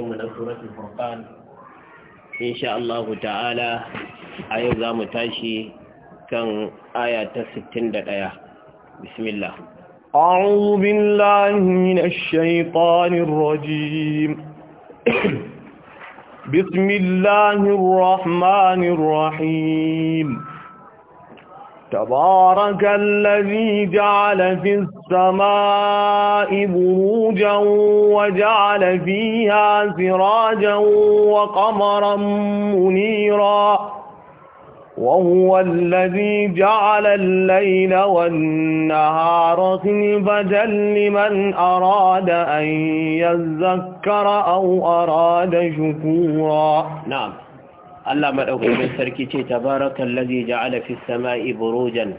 tafsirinmu na suratul furqan insha Allah ta'ala a yau za mu tashi kan aya ta 61 bismillah أعوذ بالله من الشيطان الرجيم بسم الله الرحمن تبارك الذي جعل في السماء بروجا وجعل فيها سراجا وقمرا منيرا وهو الذي جعل الليل والنهار خلفة لمن أراد أن يذكر أو أراد شكورا نعم Allah maɗaukakin sarki ce tabarakan lazi ja'ala fi sama'i burujan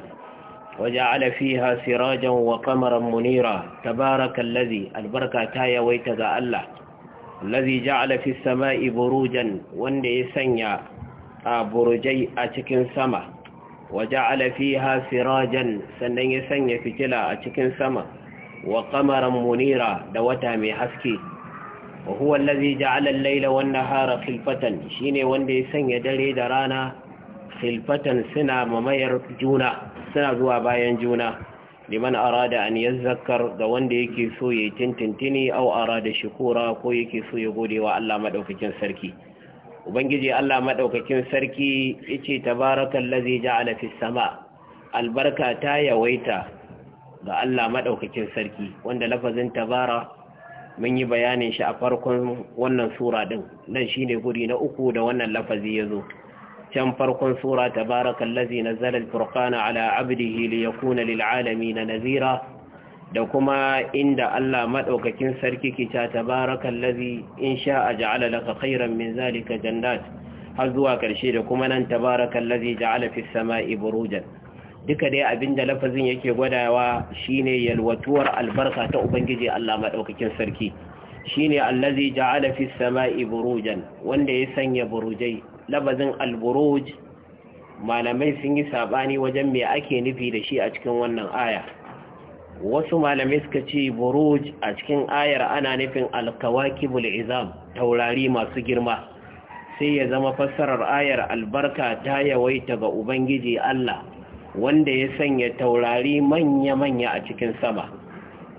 waje ja'ala fiha sirajan wa kamaran munira tabarakan lazi albarka ta yawaita ga Allah lazi ja'ala fi sama'i burujan wanda ya sanya a burujai a cikin sama waje ja'ala fiha sirajan sannan ya sanya fitila a cikin sama wa kamaran munira da wata mai haske wa huwa allazi ja'ala al-layla wan-nahara khilfatan shine wanda ya sanya dare da rana Filfatan suna mamayar juna suna zuwa bayan juna liman arada an yazakkar ga wanda yake so ya tintintini aw arada shukura ko yake so ya gode wa Allah madaukakin sarki ubangiji Allah maɗaukakin sarki yace tabarakallazi ja'ala fis sama albarka ta yawaita ga Allah maɗaukakin sarki wanda lafazin tabara mun yi bayanin shi a farkon wannan sura din nan shine guri na uku da wannan lafazi yazo can farkon sura tabarakal ladzi nazzala al-furqana ala 'abdihi liyakuna lil nazira da kuma inda Allah madaukakin sarki ke ta tabarakal ladzi in sha'a laka khairan min zalika jannat har zuwa karshe da kuma nan tabarakal ladzi ja'ala fis sama'i burujan duka dai abin da lafazin yake gwadawa shine yalwatuwar albarka ta ubangiji Allah madaukakin sarki shine allazi ja'ala fis sama'i burujan wanda ya sanya burujai lafazin alburuj malamai sun yi sabani wajen me ake nufi da shi a cikin wannan aya wasu malamai suka ce buruj a cikin ayar ana nufin alkawakibul izam taurari masu girma sai ya zama fassarar ayar albarka ta yawaita ga ubangiji Allah wanda ya sanya taurari manya-manya a cikin sama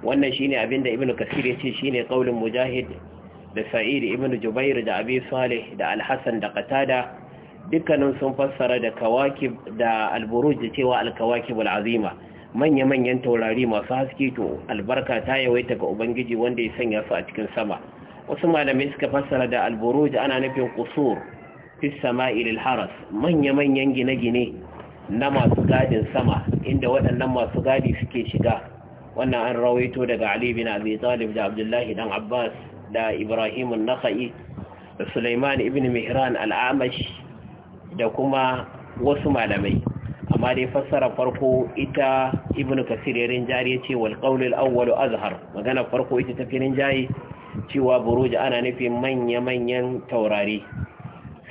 wannan shine abinda ibn kasir ya ce shine qaulin mujahid da sa'id ibn jubair da abi salih da al-hasan da qatada dukkanin sun fassara da kawakib da al-buruj cewa al-kawakib al-azima manya-manyan taurari masu haske to albarka ta yawaita ga ubangiji wanda ya sanya su a cikin sama wasu malamai suka fassara da al-buruj ana nufin qusur fi sama'i lil haras manya-manyan gine-gine na masu gadin sama inda waɗannan masu gadi suke shiga wannan an rawaito daga Ali bin Abi Talib da Abdullahi dan Abbas da Ibrahim an-Nakhai da Sulaiman ibn Mihran al-Amash da kuma wasu malamai amma dai fassara farko ita Ibn Kasir ya rinjari yace wal qawl al-awwal azhar magana farko ita ta tafi rinjayi cewa buruj ana nufin manya-manyan taurari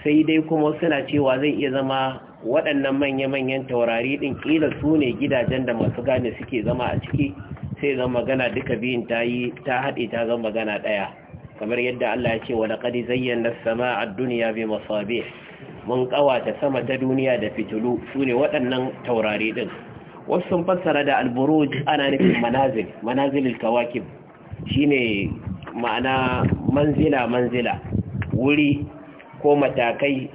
sai dai kuma suna cewa zai iya zama waɗannan manya-manyan taurari ɗin ƙila su ne gidajen da masu gane suke zama a ciki sai zama magana duka biyun ta yi ta haɗe ta zama magana ɗaya kamar yadda Allah ya ce wa laqad zayyana sama a duniya bai masu masabih mun ƙawata sama ta duniya da fitilu su ne waɗannan taurari ɗin wasu sun fassara da alburuj ana nufin manazil manazilil kawakib shine ma'ana manzila manzila wuri ko matakai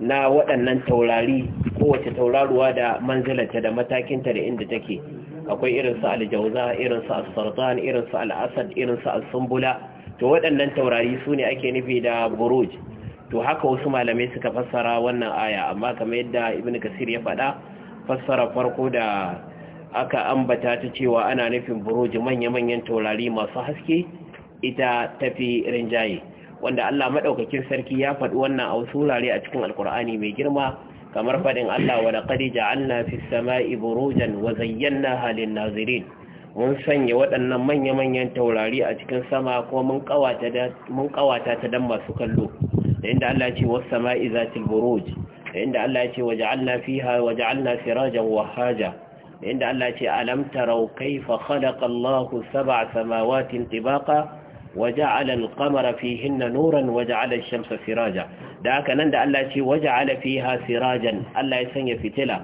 na waɗannan taurari kowace tauraruwa da manzilanta da matakinta da inda take akwai irinsu aljauza irinsu al-sardan irinsu al-asad irinsu al-sumbula to waɗannan taurari su ne ake nufi da buruj to haka wasu malamai suka fassara wannan aya amma kamar yadda ibn kasir ya faɗa fassara farko da aka ambata ta cewa ana nufin buruj manya-manyan taurari masu haske ita tafi rinjaye wanda Allah madaukakin sarki ya faɗi wannan a wurare a cikin alkur'ani mai girma kamar faɗin Allah wa laqad ja'alna fis sama'i burujan wa zayyanaha lin nazirin mun sanya waɗannan manya-manyan taurari a cikin sama ko mun kawata ta dan masu kallo da inda Allah ce wasu sama'i zatil buruj da inda Allah ce waja'alna fiha waja'alna sirajan wahaja da inda Allah ce alam tarau kaifa khalaqa Allahu sab'a samawatin tibaqa وجعل القمر فيهن نورا وجعل الشمس سراجا da haka nan da Allah ce waja'ala fiha sirajan Allah ya sanya fitila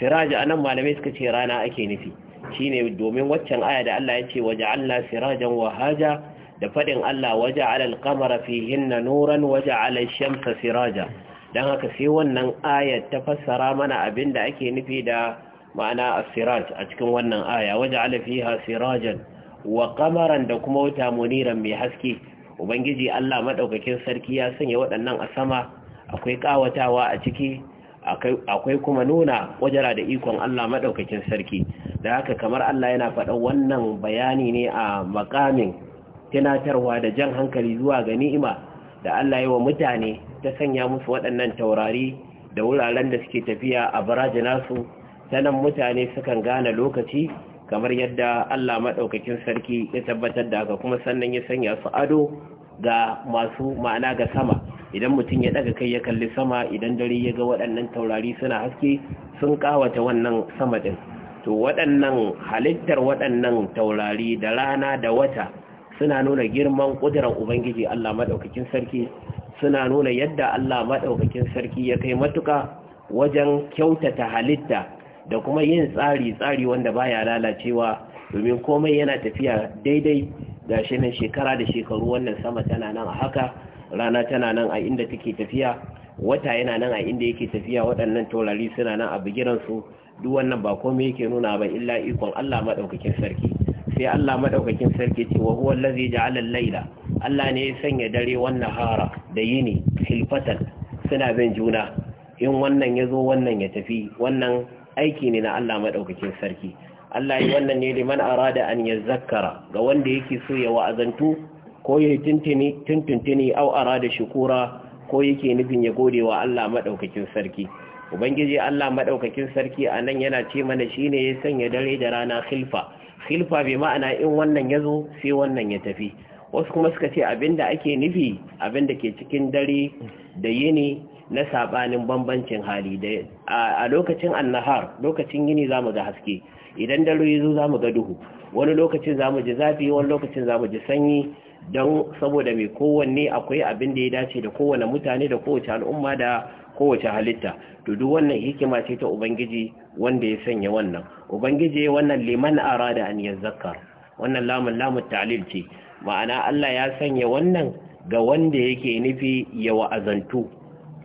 siraja anan malamai suka ce rana ake nufi shine domin waccan aya da Allah ya ce waje waja'alna sirajan wahaja. da faɗin Allah waja'ala alqamara fihin nuran waja'ala ash-shamsa siraja dan haka sai wannan aya ta fassara mana da ake nufi da ma'ana a siraj a cikin wannan aya waja'ala fiha sirajan wa kamaran da kuma wata muniran mai haske ubangiji Allah maɗaukakin sarki ya sanya waɗannan a sama akwai ƙawatawa a ciki akwai kuma nuna wajara da ikon Allah maɗaukakin sarki da haka kamar Allah yana faɗa wannan bayani ne a makamin tunatarwa da jan hankali zuwa ga ni'ima da Allah yi wa mutane ta sanya musu waɗannan taurari da wuraren da suke tafiya a nasu sanan mutane sukan gane lokaci kamar yadda Allah maɗaukakin sarki ya tabbatar da haka kuma sannan ya sanya su ado ga masu ma'ana ga sama idan mutum ya ɗaga kai ya kalli sama idan dare ya ga waɗannan taurari suna haske sun ƙawata wannan sama ɗin to waɗannan halittar waɗannan taurari da rana da wata suna nuna girman ƙudurar ubangiji Allah maɗaukakin sarki suna nuna yadda Allah maɗaukakin sarki ya kai matuka wajen kyautata halitta da kuma yin tsari tsari wanda baya lalacewa domin komai yana tafiya daidai ga shi shekara da shekaru wannan sama tana nan a haka rana tana nan a inda take tafiya wata yana nan a inda yake tafiya waɗannan taurari suna nan a bigiransu duk wannan ba komai yake nuna ba illa ikon Allah madaukakin sarki sai Allah madaukakin sarki ce wa huwa allazi ja'ala al-laila Allah ne ya sanya dare wannan hara da yini silfatan suna bin juna in wannan yazo wannan ya tafi wannan aiki ne na Allah maɗaukakin sarki Allah yi wannan ne liman arada an ya zakara ga wanda yake so ya wa'azantu ko ya yi tuntuntuni au arada shukura ko yake nufin ya gode wa Allah maɗaukakin sarki ubangiji Allah maɗaukakin sarki a nan yana ce mana shi ne ya sanya dare da rana khilfa khilfa bai ma'ana in wannan ya zo sai wannan ya tafi wasu kuma suka ce abinda ake nufi abinda ke cikin dare da yini na sabanin bambancin hali da a lokacin annahar lokacin yini zamu ga haske idan dare yazo zamu ga duhu wani lokacin zamu ji zafi wani lokacin zamu ji sanyi don saboda mai kowanne akwai abin da ya dace da kowane mutane da kowace al'umma da kowace halitta to duk wannan hikima ce ta ubangiji wanda ya sanya wannan ubangiji wannan liman arada an yazakkar wannan lamun lamun ta'lil ce ma'ana Allah ya sanya wannan ga wanda yake nufi ya wa'azantu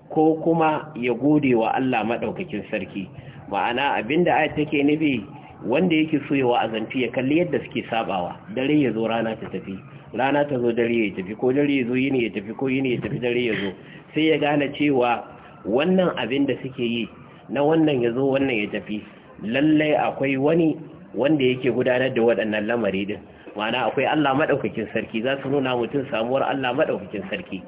ko kuma ya gode wa Allah maɗaukakin sarki ma'ana abinda ayat take nufi wanda yake so ya wa'azanci ya kalli yadda suke sabawa dare ya zo rana ta tafi rana ta zo dare ya tafi ko dare ya zo yini ya tafi ko yini ya tafi dare ya zo sai ya gane cewa wannan abin da suke yi na wannan ya zo wannan ya tafi lallai akwai wani wanda yake gudanar da waɗannan lamari din mana akwai Allah maɗaukakin sarki za su nuna mutum samuwar Allah maɗaukakin sarki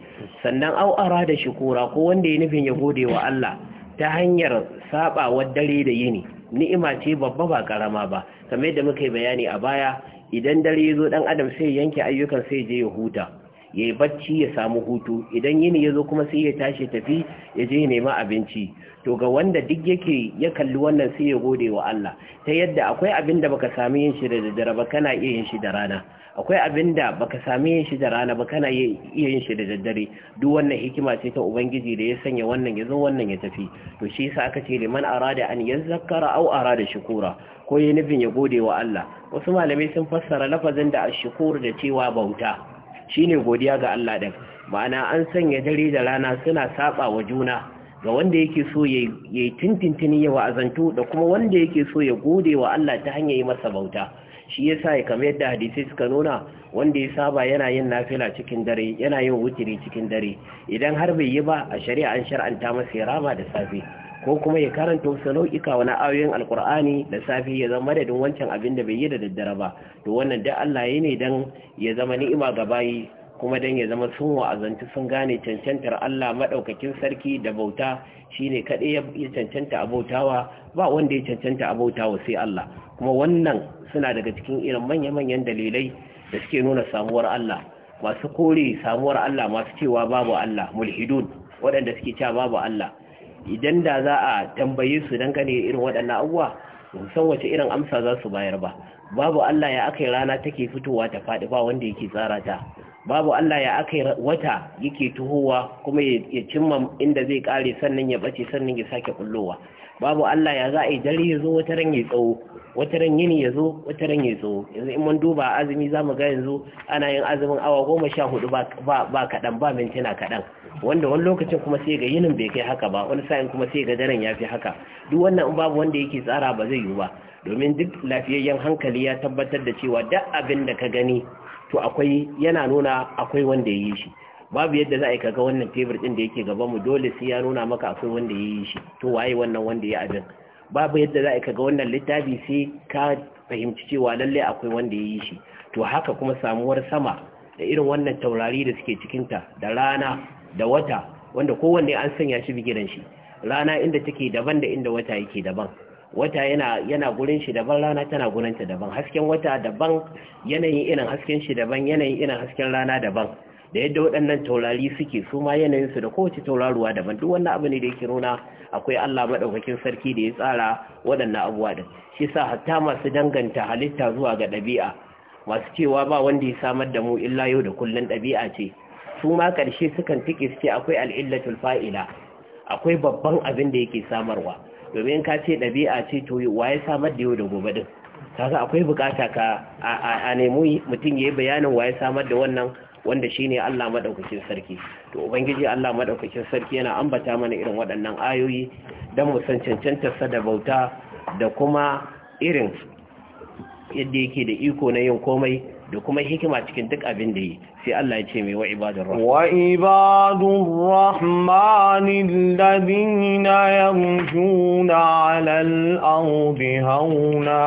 sannan au da shukura ko wanda ya nufin ya gode wa Allah ta hanyar wa dare da yini ni'ima ce babba ba karama ba kamar yadda muka yi bayani a baya idan dare ya zo ɗan adam sai yanke ayyukan sai je ya huta ya yi bacci ya samu hutu idan yini ya zo kuma sai ya tashi tafi ya je nema abinci to ga wanda duk yake ya kalli wannan sai ya gode wa Allah ta yadda akwai abin da baka sami yin shi da daddare ba kana iya yin shi da rana akwai abin da baka sami yin shi da rana ba kana iya yin shi da daddare duk wannan hikima ce ta ubangiji da ya sanya wannan ya zo wannan ya tafi to shi yasa aka ce liman arada an yazakkara aw arada shukura ko ya nufin ya gode wa Allah wasu malamai sun fassara lafazin da ashkur da cewa bauta shine godiya ga Allah din ma'ana an sanya dare da rana suna saba wa juna ga wanda yake so ya yi tintintini ya wa'azantu da kuma wanda yake so ya gode wa Allah ta hanyar yi masa bauta shi yasa ya kamar yadda hadisai suka nuna wanda ya saba yana yin nafila cikin dare yana yin wutiri cikin dare idan har bai yi ba a shari'a an shar'anta masa ya rama da safe ko kuma ya karanta wasu nau'ika wani ayoyin alkur'ani da safi ya zama da wancan abin da bai yi da daddare ba to wannan da Allah ya ne dan ya zama ni'ima ga bayi kuma dan ya zama sun wa'azanci sun gane cancantar Allah madaukakin sarki da bauta shine kaɗai ya cancanta abautawa ba wanda ya cancanta abautawa sai Allah kuma wannan suna daga cikin irin manya-manyan dalilai da suke nuna samuwar Allah masu kore samuwar Allah masu cewa babu Allah mulhidun waɗanda suke cewa babu Allah idan da za a tambaye su don gane irin waɗannan abuwa san wace irin amsa za su bayar ba babu Allah ya yi rana take fitowa ta faɗi ba wanda yake tsara ta babu Allah ya yi wata yake tuhowa kuma ya cimma inda zai ƙare, sannan ya ɓace, sannan ya sake ƙullowa. babu Allah ya za a yi dare ya zo wata ran ya tsawo wata ran yini ya zo wata ran ya tsawo yanzu in mun duba azumi za mu ga yanzu ana yin azumin awa goma sha hudu ba kaɗan ba mintuna kaɗan wanda wani lokacin kuma sai ga yinin bai kai haka ba wani sa'in kuma sai ga daren ya fi haka duk wannan in babu wanda yake tsara ba zai yiwu ba domin duk lafiyayyen hankali ya tabbatar da cewa duk abin da ka gani to akwai yana nuna akwai wanda ya yi shi babu yadda za a yi kaga wannan tebur ɗin da yake mu dole sai ya nuna maka akwai wanda ya yi shi to waye wannan wanda ya abin babu yadda za a yi kaga wannan littafi sai ka fahimci cewa lallai akwai wanda ya yi shi to haka kuma samuwar sama da irin wannan taurari da suke cikinta da rana da wata wanda kowanne an sanya shi bigiran shi rana inda take daban da inda wata yake daban wata yana yana gurin shi daban rana tana gurin ta daban hasken wata daban yanayin irin hasken shi daban yanayin irin hasken rana daban da yadda waɗannan taurari suke su ma su da kowace tauraruwa daban duk wannan abu ne da yake nuna akwai Allah maɗaukakin sarki da ya tsara waɗannan abubuwa din shi sa hatta masu danganta halitta zuwa ga ɗabi'a masu cewa ba wanda ya samar da mu illa yau da kullun ɗabi'a ce su ma ƙarshe sukan tike suke akwai al'illatul fa'ila akwai babban abin da yake samarwa domin ka ce ɗabi'a ce to wa ya samar da yau da gobe din kaga akwai bukata ka a nemi mutum ya yi bayanin wa ya samar da wannan wanda shine Allah madaukakin sarki to ubangiji Allah madaukakin sarki yana ambata mana irin waɗannan ayoyi don mu san cancantar sa da bauta da kuma irin yadda yake da iko na yin komai da kuma hikima cikin duk abin da yi sai Allah ya ce mai wa ibadur rahman wa ibadur rahman ladina yamshuna alal ardi hauna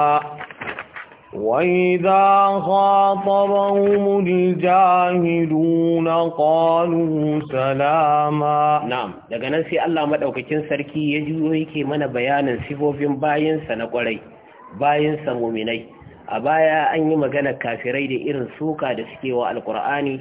وإذا خاطبهم الجاهلون قالوا سلاما نعم daga nan sai Allah madaukakin sarki ya jiyo yake mana bayanin sifofin bayansa na kwarai bayansa mu'minai a baya an yi magana kafirai da irin suka da suke wa alqur'ani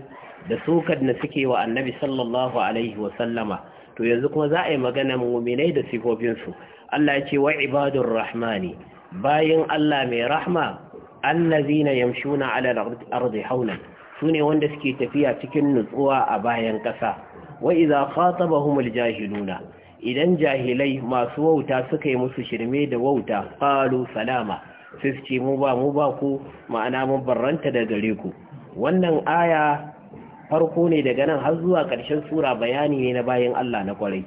da sukar da suke wa annabi sallallahu alaihi wa sallama to yanzu kuma za a yi magana mu'minai da sifobinsu, Allah ya ce wa ibadur rahmani bayin Allah mai rahma allazina yamshuna ala al-ardi hawlan sune wanda suke tafiya cikin nutsuwa a bayan ƙasa wa idza al jahiluna idan jahilai masu wauta suka yi musu shirme da wauta qalu salama ce mu ba mu ba ku ma'ana mun barranta da gare ku wannan aya farko ne daga nan har zuwa ƙarshen sura bayani ne na bayan Allah na kwarai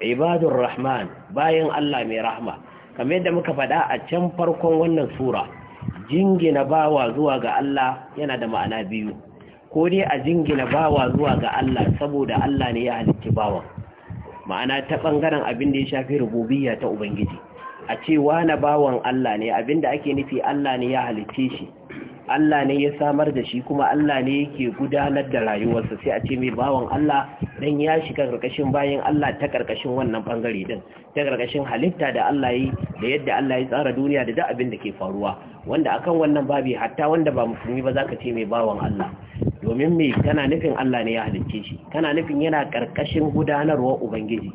ibadur rahman bayan Allah mai rahma kamar yadda muka faɗa a can farkon wannan sura jingina bawa zuwa ga Allah yana da ma'ana biyu ko dai a jingina bawa zuwa ga Allah saboda Allah ne ya halicci bawa ma'ana ta bangaren abin da ya shafi rububiyya ta ubangiji a cewa na bawan Allah ne abin da ake nufi Allah ne ya halicce shi Allah ne ya samar da shi kuma Allah ne yake gudanar da rayuwarsa sai a ce mai bawan Allah dan ya shiga karkashin bayan Allah ta karkashin wannan bangare din ta karkashin halitta da Allah yi da yadda Allah ya tsara duniya da duk abin da ke faruwa wanda akan wannan babi hatta wanda ba musulmi ba ka ce mai bawan Allah domin me kana nufin Allah ne ya halicce shi kana nufin yana karkashin gudanarwa ubangiji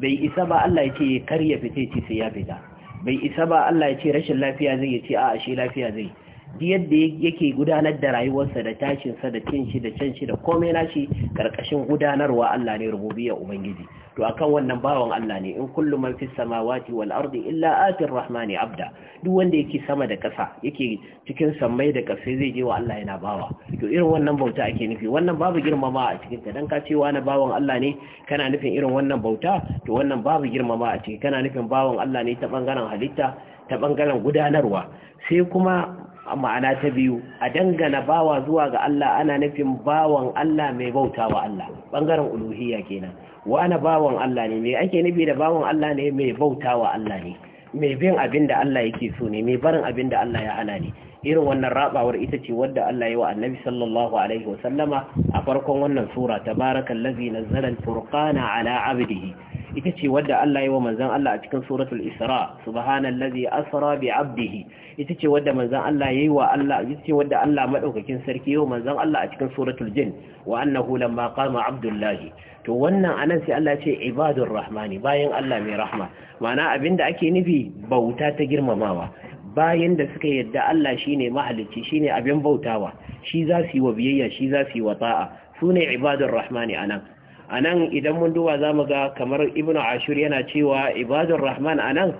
bai isa ba Allah ya ce ya fice ce sai ya fita bai isa ba Allah ya ce rashin lafiya zai ya ce a'a shi lafiya zai duk yadda yake gudanar da rayuwarsa da tashinsa da cin shi da can da komai nashi karkashin gudanarwa Allah ne rububiyya ubangiji to akan wannan bawan Allah ne in kullum man fis samawati wal ardi illa atir rahmani abda duk wanda yake sama da ƙasa yake cikin sammai da ƙasa zai je wa Allah yana bawa to irin wannan bauta ake nufi wannan babu girmama a cikin ta dan ka ce wani bawan Allah ne kana nufin irin wannan bauta to wannan babu girmama a ciki, kana nufin bawan Allah ne ta bangaren halitta ta bangaren gudanarwa sai kuma ma'ana ta biyu a dangana bawa zuwa ga Allah ana nufin bawan Allah mai bautawa Allah bangaren uluhiyya kenan wa ana bawan Allah ne me ake nufi da bawan Allah ne mai bauta wa Allah ne mai bin abin da Allah yake so ne mai barin abin da Allah ya hana ne irin wannan rabawar ita ce wadda Allah ya wa annabi sallallahu alaihi wa sallama a farkon wannan sura tabarakallazi nazzala al-furqana ala abdihi ita ce wadda Allah yi wa manzan Allah a cikin suratul Isra subhanallazi asra bi abdihi ita ce wadda manzan Allah yi wa Allah ita ce wadda Allah madaukakin sarki Yau wa manzan Allah a cikin suratul jin wa annahu lamma qama abdullahi to wannan anan sai Allah ce ibadur rahmani bayan Allah mai rahma ma'ana abinda ake nufi bauta ta girmamawa bayan da suka yadda Allah shine mahalicci shine abin bautawa shi za su yi wa biyayya shi za su yi wa ta'a sune ibadur rahmani anan a nan idan mun duba za mu ga kamar ibn ashur yana cewa ibadun rahman a nan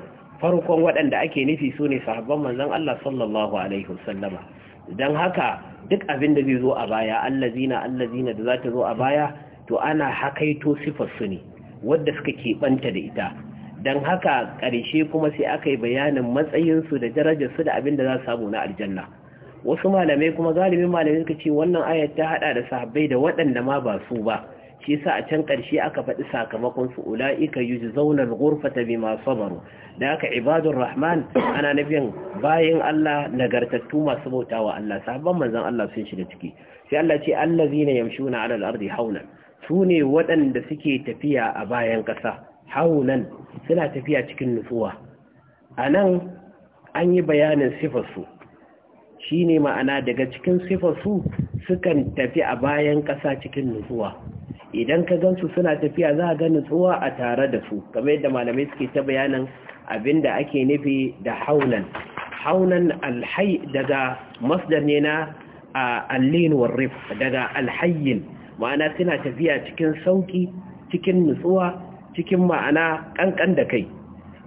farkon waɗanda ake nufi su ne sahabban manzan Allah sallallahu alaihi wasallama don haka duk abin da zai zo a baya allazina allazina da za ta zo a baya to ana hakaito sifar su ne wadda suka keɓanta da ita don haka ƙarshe kuma sai aka yi bayanin matsayinsu da darajarsu da abin da za su samu na aljanna wasu malamai kuma galibin malamai suka ce wannan ayat ta haɗa da sahabbai da waɗanda ma ba su ba shi yasa a can ƙarshe aka faɗi sakamakon su ula'ika zaunar al bi masu sabaru da haka ibadun rahman ana nabiyan. Bayan Allah nagartattu masu bauta wa Allah sabon manzan Allah sun shiga ciki sai Allah ce allazina yamshuna 'ala alal ardi su ne waɗanda suke tafiya a bayan ƙasa haunan suna tafiya cikin nutsuwa nan, an yi bayanin sifarsu shine ma'ana daga cikin sifarsu sukan tafi a bayan ƙasa cikin nutsuwa idan ka gansu suna tafiya za a ga nutsuwa a tare da su kamar yadda malamai suke ta bayanin da ake nufi da haunan haunan alhai daga masdar ne na allin warrif daga alhayin ma'ana suna tafiya cikin sauki cikin nutsuwa cikin ma'ana kankan da kai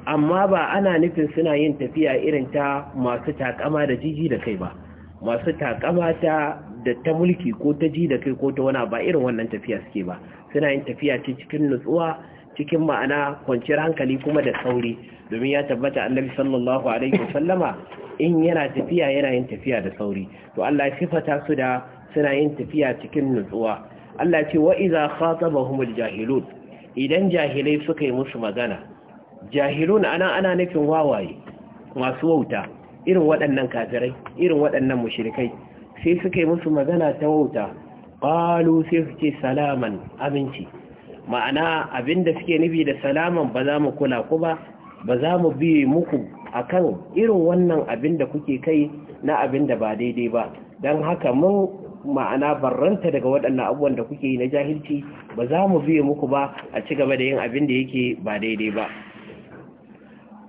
amma ba ana nufin suna yin tafiya irin ta masu takama da jiji da kai ba masu takama ta da ta mulki ko ta ji da kai ko ta wana ba irin wannan tafiya suke ba suna yin tafiya ce cikin nutsuwa cikin ma'ana kwanciyar hankali kuma da sauri domin ya tabbata annabi sallallahu alaihi wasallama in yana tafiya yana yin tafiya da sauri to Allah ya sifata su da suna yin tafiya cikin nutsuwa Allah ce wa idza khatabahumul jahilun idan jahilai suka yi musu magana jahilun ana ana nufin wawaye masu wauta irin waɗannan kafirai irin waɗannan mushrikai sai suka yi musu magana ta wauta ƙalu sai suke salaman aminci ma'ana abinda suke nufi da salaman ba za mu kula ku ba ba za mu biye muku akan irin wannan abin da kuke kai na abin da ba daidai ba don haka mun ma'ana barranta daga waɗannan abubuwan da kuke yi na jahilci ba za mu biye muku ba a ci gaba da yin abin da yake ba daidai ba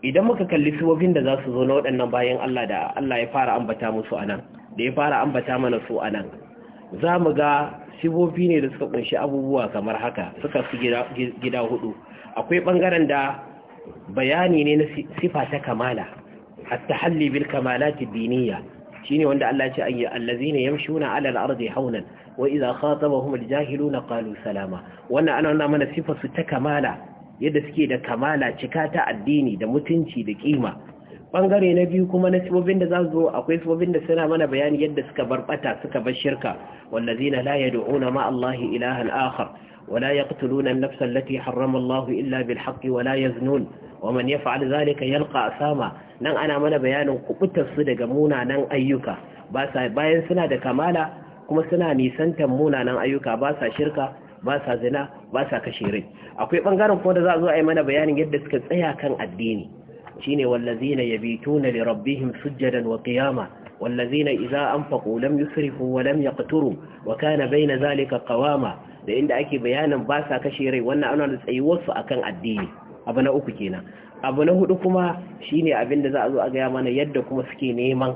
idan muka kalli subobin da za su zo na waɗannan bayan Allah da Allah ya fara ambata musu a nan da ya fara ambata mana su a nan za mu ga sibofi ne da suka kunshi abubuwa kamar haka suka fi gida hudu akwai bangaren da bayani ne na sifa ta kamala hatta halli bil kamalati diniya shine wanda Allah ya ce ayya allazina yamshuna ala al-ardi hawlan wa idha khatabahum al-jahiluna qalu salama wannan ana nuna mana sifa su ta kamala yadda suke da kamala cika ta addini da mutunci da kima bangare na biyu kuma na sibobin da za su zo akwai sibobin da suna mana bayanin yadda suka barbata suka bar shirka wanda zina la ya du'una ma Allahi ilahan akhar wala ya qtuluna an-nafs allati illa bil haqqi wala yaznun wa man yaf'al dhalika a sama? nan ana mana bayanin kubutar daga munanan ayyuka ba sa bayan suna da kamala kuma suna nisantan munanan ayyuka ba sa shirka ba sa zina ba sa kashirai akwai bangaren kuma da za a zo a yi mana bayanin yadda suka tsaya kan addini shine wallazina yabituna li rabbihim sujjadan wa qiyama wallazina idza anfaqu lam yusrifu wa lam yaqturu wa kana bayna zalika qawama da inda ake bayanin ba sa kashe rai wannan ana da tsayuwar su akan addini abu na uku kenan abu na hudu kuma shine abinda za a zo a ga mana yadda kuma suke neman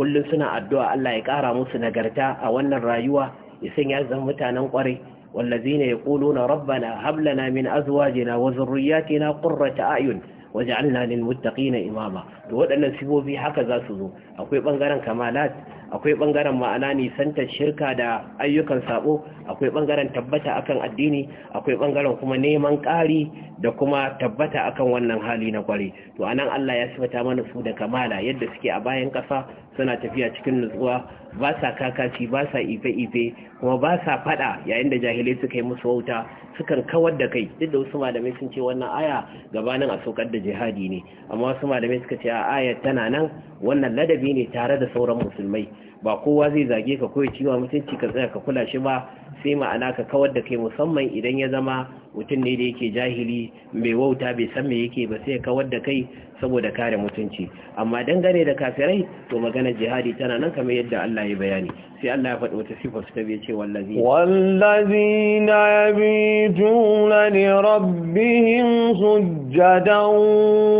kullum suna addu'a Allah ya ƙara musu nagarta a wannan rayuwa ya sanya zan mutanen ƙwarai wallazina yaquluna rabbana hab lana min azwajina wa dhurriyyatina qurrata a'yun Waje waj'alna lil muttaqina imama to waɗannan sibobi haka za su zo akwai ɓangaren kamalat akwai bangaren ma'ana nisantar shirka da ayyukan sabo akwai bangaren tabbata akan addini akwai bangaren kuma neman ƙari da kuma tabbata akan wannan hali na kwari to anan Allah ya sifata mana su da kamala yadda suke a bayan ƙasa suna tafiya cikin nutsuwa ba sa kakaci ba sa ife-ife kuma ba sa fada yayin da jahilai suka yi musu wauta sukan kawar da kai duk da wasu malamai sun ce wannan aya gabanin a saukar da jihadi ne amma wasu malamai suka ce a aya tana nan wannan ladabi ne tare da sauran musulmai ba kowa zai zage ka koya ciwa mutunci ka tsaya ka kula shi ba sai ma'ana ka kawar da kai musamman idan ya zama mutum ne da yake jahili mai wauta bai san me yake ba sai ya kawar da kai saboda kare mutunci amma dangane da kafirai to magana jihadi tana nan kamar yadda Allah ya bayani sai Allah ya faɗi wata sifar su ta biye ce wallazi wallazina yabituna li rabbihim sujadan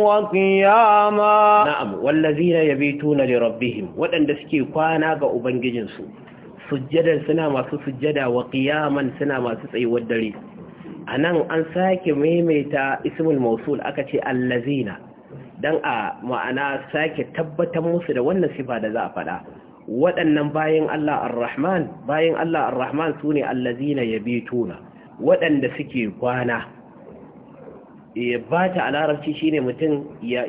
wa qiyama na'am wallazina yabituna li rabbihim wadanda suke kwana ga ubangijinsu sujjadar suna masu sujjada wa qiyaman suna masu tsayuwar dare anan an sake maimaita ismul mausul aka ce allazina dan a ma'ana sake tabbatar musu da wannan sifa da za a faɗa waɗannan bayan Allah ar-Rahman bayan Allah ar-Rahman sune allazina yabituna waɗanda suke kwana ya e, bata a larabci shine mutum ya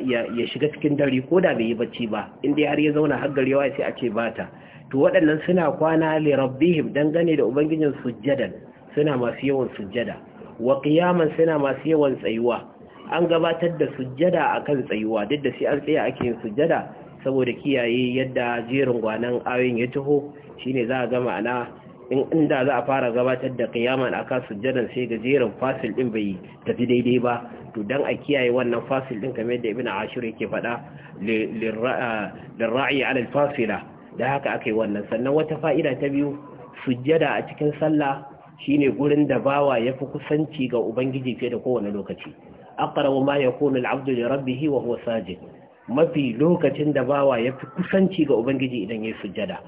shiga cikin dare ko da bai yi bacci ba inda har ya zauna har garewa sai a ce bata to waɗannan suna kwana li rabbihim dangane da ubangijin sujjadan suna masu yawan sujjada wa qiyaman suna masu yawan tsayuwa an gabatar da sujjada akan tsayuwa duk da sai an tsaya ake yin sujjada saboda kiyaye yadda jerin gwanan ayoyin ya taho shine za a gama ana in inda za a fara gabatar da qiyaman akan sujjadan sai ga jerin fasil din bai tafi daidai ba to dan a kiyaye wannan fasil din kamar yadda ibnu ashur yake faɗa ra'i ala al-fasila da haka aka wannan sannan wata fa'ida ta biyu sujjada a cikin sallah shine gurin da bawa ya fi kusanci ga ubangiji fiye da kowane lokaci aqrabu ma yakunu al-'abdu li rabbih wa huwa sajid mafi lokacin da bawa ya fi kusanci ga ubangiji idan ya sujjada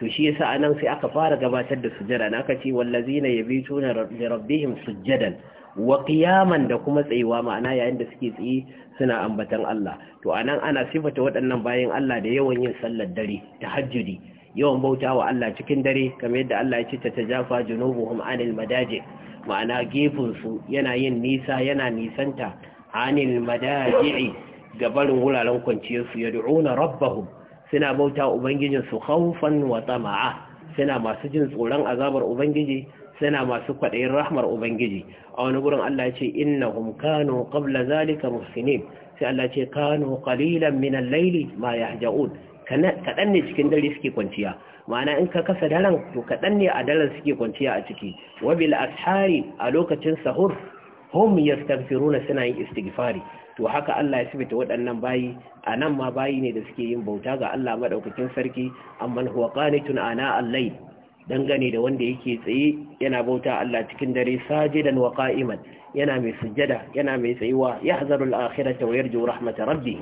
to shi yasa nan sai aka fara gabatar da sujjada na aka ce wallazina yabituna li rabbihim sujjadan wa qiyaman da kuma tsayuwa ma'ana yayin da suke tsayi suna ambatan Allah to anan ana sifata waɗannan bayan Allah da yawan yin sallar dare tahajjudi yawan bauta wa Allah cikin dare kamar yadda Allah ya ce ta tajafa junubuhum anil madaji ma'ana gefin su yana yin nisa yana nisanta anil madaji ga barin wuraren kwanciyar su yad'una rabbahum suna bauta ubangijinsu khawfan wa tama'a suna masu jin tsoron azabar ubangiji suna masu kwaɗayin rahmar ubangiji a wani gurin Allah ce innahum kanu qabla zalika muhsinin sai Allah ce kanu qalilan min al-layli ma yahja'un kaɗan ne cikin dare suke kwanciya ma'ana in ka kasa daren to kaɗan ne a daren suke kwanciya a ciki wabil ashari a lokacin sahur hum yastaghfiruna suna yin istighfari to haka Allah ya sibita waɗannan bayi a nan ma bayi ne da suke yin bauta ga Allah madaukakin sarki amman huwa qanitun ana al-layl dangane da wanda yake tsaye yana bauta Allah cikin dare sajidan wa qa'iman yana mai sujjada yana mai tsayuwa yahzaru al-akhirata wa yarju rahmata rabbih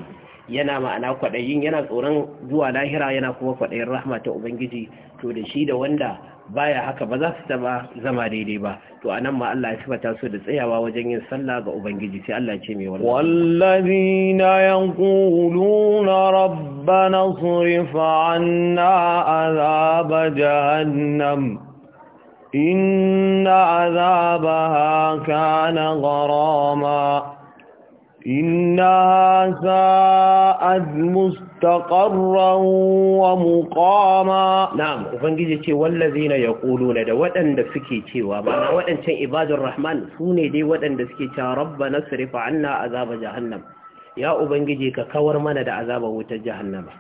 yana ma'ana kwadayin yana tsoron zuwa lahira yana kuma kwadayin ta ubangiji to da shi da wanda baya haka ba za su taba zama daidai ba to anan ma Allah ya sifata su da tsayawa wajen yin sallah ga ubangiji sai Allah ce mai wallahi wallazina yanquluna rabbana srif 'anna azab jahannam inna azabaha kana gharama إنها ساءت مستقرا ومقاما نعم وفنجي ce wallazina yaquluna da waɗanda suke cewa ba waɗancan ibadur rahman sune dai waɗanda suke cewa Rabba rabbana srif anna azab jahannam ya ubangiji ka kawar mana da azabar wutar jahannama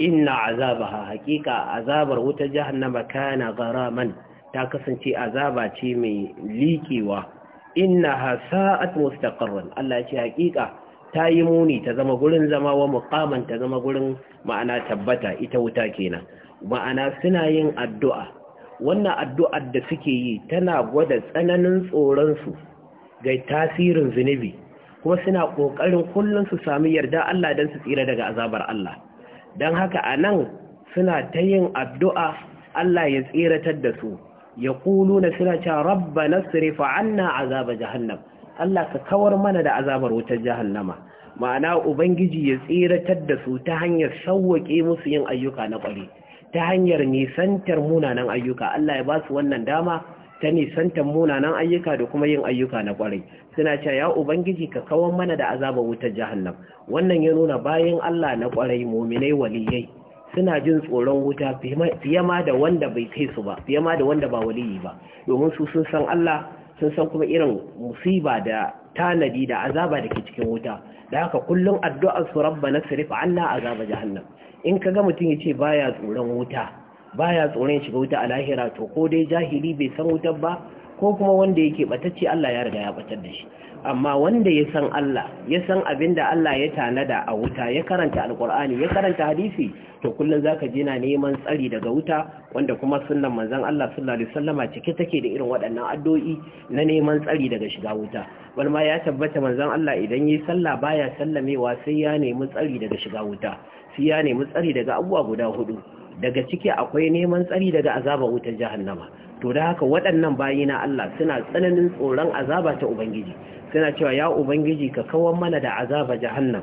inna azabaha haƙiƙa azabar wutar jahannama kana garaman ta kasance azaba ce mai liƙewa Inna ha sa'at mustaqarran Allah ce haƙiƙa ta yi muni ta zama gurin zama wa muqaman ta zama gurin ma'ana tabbata ita wuta kenan ma'ana suna yin addu'a wannan addu'ar da suke yi tana gwada tsananin tsoron su ga tasirin zunubi kuma suna ƙoƙarin kullum su sami yarda Allah don su tsira daga azabar Allah don haka a nan suna ta yin addu'a Allah ya tsiratar da su Ya kulu na suna cewa "Rabba na sirifa an na azaba jahannam Allah ka kawar mana da azabar wutar jahannama ma'ana ubangiji ya tsiratar da su ta hanyar sauwaƙe musu yin ayyuka na ƙwari ta hanyar nisantar munanan ayyuka Allah ya ba su wannan dama ta nisantar munanan ayyuka da kuma yin ayyuka na ƙwari, suna cewa ya ubangiji ka kawar mana da azabar wutar jahannam wannan ya nuna bayan Allah na ƙwarai muminai waliyai suna jin tsoron wuta fiye ma da wanda bai kai su ba fiye ma da wanda ba waliyi ba domin su sun san Allah sun san kuma irin musiba da tanadi da azaba da ke cikin wuta da haka kullum addu'ar su rabba na sarifa Allah azaba jahannam in ka ga mutum ya ce baya tsoron wuta baya tsoron shiga wuta a lahira to ko dai jahili bai san wutar ba ko kuma wanda yake batacce Allah ya riga ya batar da shi amma wanda ya san Allah ya san abin da Allah ya tanada a wuta ya karanta alkur'ani ya karanta hadisi to kullum zaka ji na neman tsari daga wuta wanda kuma sunnan manzon Allah sallallahu alaihi wasallama cike take da irin waɗannan addu'o'i na neman tsari daga shiga wuta Walma ya tabbata manzon Allah idan yi sallah baya sallamewa sai ya nemi tsari daga shiga wuta sai ya nemi tsari daga abuwa guda hudu daga ciki akwai neman tsari daga azaba wutar jahannama to da haka waɗannan bayi na Allah suna tsananin tsoron azaba ta ubangiji suna cewa ya ubangiji ka kawar mana da azaba jahannam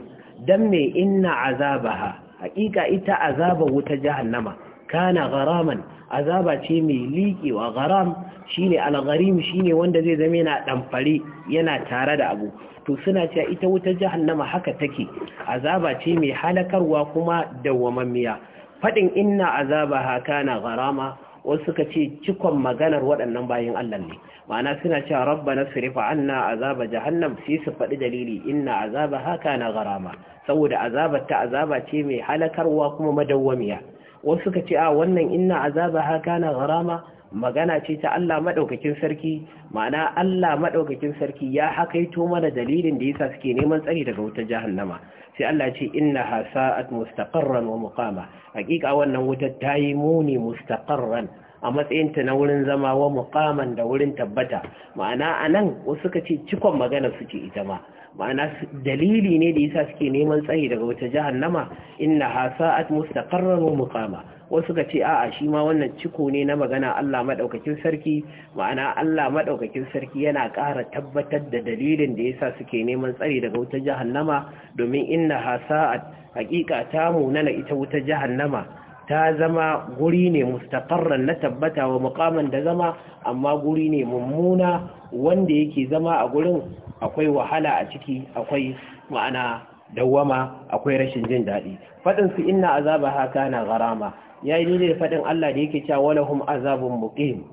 dan me inna azabaha haƙiƙa ita azaba wutar jahannama kana garaman azaba ce mai wa garam shine al-gharim shine wanda zai zama yana damfare yana tare da abu to suna cewa ita wutar jahannama haka take azaba ce mai halakarwa kuma dawwamammiya faɗin inna azaba haka na garama wasu suka ce cikon maganar waɗannan bayan Allah ne ma'ana suna cewa Rabba na sirifa anna azaba jahannam sai su faɗi dalili inna azaba haka na garama saboda azabar ta azaba ce mai halakarwa kuma madawwamiya wasu suka ce a wannan inna azaba haka na garama magana ce ta Allah maɗaukakin sarki ma'ana Allah maɗaukakin sarki ya hakaito mana dalilin da yasa suke neman tsari daga wutar jahannama sai Allah ce inna hasa'at mustaqarran wa muqama hakika wannan wutar ta yi muni mustaqarran a matsayinta na wurin zama wa muqaman da wurin tabbata ma'ana anan wasu suka ce cikon magana suke ita ma ma'ana dalili ne da yasa suke neman tsayi daga wata jahannama inna hasa'at mustaqarran wa muqama wasu ka ce a'a shi ma wannan ciko ne na magana Allah madaukakin sarki ma'ana Allah madaukakin sarki yana ƙara tabbatar da dalilin da yasa suke neman tsayi daga wata jahannama domin inna hasa'at hakika ta munana ita wata jahannama ta zama guri ne mustaqarran na tabbata wa muqaman da zama amma guri ne mummuna wanda yake zama a gurin akwai wahala a ciki akwai ma'ana dawwama akwai rashin jin daɗi faɗin su inna azaba haka na garama ya yi ne faɗin Allah da yake cewa walahum azabun muqim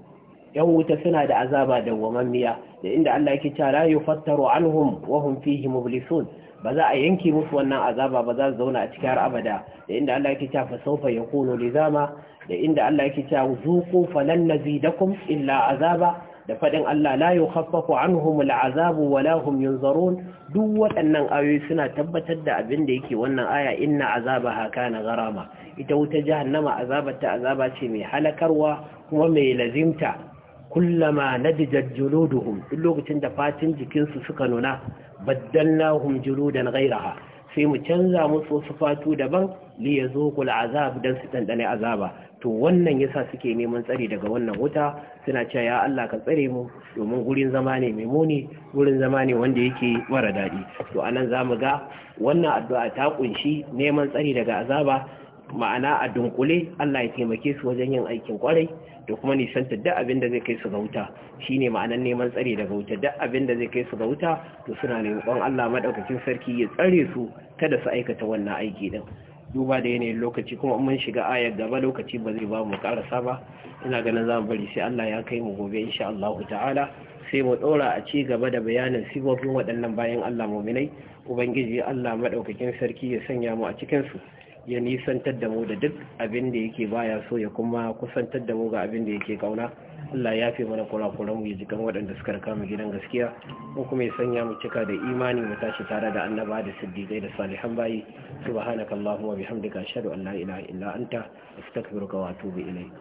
yan wuta suna da azaba dawwamammiya da inda Allah yake cewa la yufattaru anhum wa hum fihi mublisun ba za a yanke musu wannan azaba ba za su zauna a cikin har abada da inda Allah yake cewa fa sawfa yakunu lizama da inda Allah yake cewa zuqu falan nazidakum illa azaba da fadin Allah la yukhaffafu anhum al'azabu wala hum yunzarun duk waɗannan ayoyi suna tabbatar da abin da yake wannan aya inna azabaha kana gharama ita wuta jahannama azabata azaba ce mai halakarwa kuma mai lazimta kullama nadijat juluduhum duk lokacin da fatin jikinsu suka nuna baddalnahum juludan ghayraha sai mu canza musu wasu fatu daban li yazuqul azab dan su dandane azaba to wannan yasa suke neman tsari daga wannan wuta suna cewa ya Allah ka tsare mu domin gurin zama ne mai muni gurin zama ne wanda yake mara daɗi to anan mu ga wannan addu'a ta kunshi neman tsari daga azaba ma'ana a dunkule Allah ya taimake su wajen yin aikin kwarai da kuma nisantar duk abin da zai kai su ga wuta shine ma'anan neman tsare daga wuta duk abin da zai kai su ga wuta to suna neman Allah madaukakin sarki ya tsare su kada su aikata wannan aiki din duba da yanayin lokaci kuma mun shiga ayar gaba lokaci ba zai ba mu karasa ba ina ganin za mu bari sai Allah ya kai mu gobe insha Allah ta'ala sai mu dora a ci gaba da bayanin sifofin waɗannan bayan Allah muminai ubangiji Allah madaukakin sarki ya sanya mu a cikin su ya nisantar da mu da duk abin da yake baya so ya kuma kusantar da mu ga abin da yake kauna Allah ya fi mana kurakuran mu kan waɗanda suka raka mu gidan gaskiya mu kuma ya sanya mu cika da imani mu tashi tare da annaba da siddiqai da salihan bayi subhanaka allahumma bihamdika ashhadu an la ilaha illa anta astaghfiruka wa atubu ilayk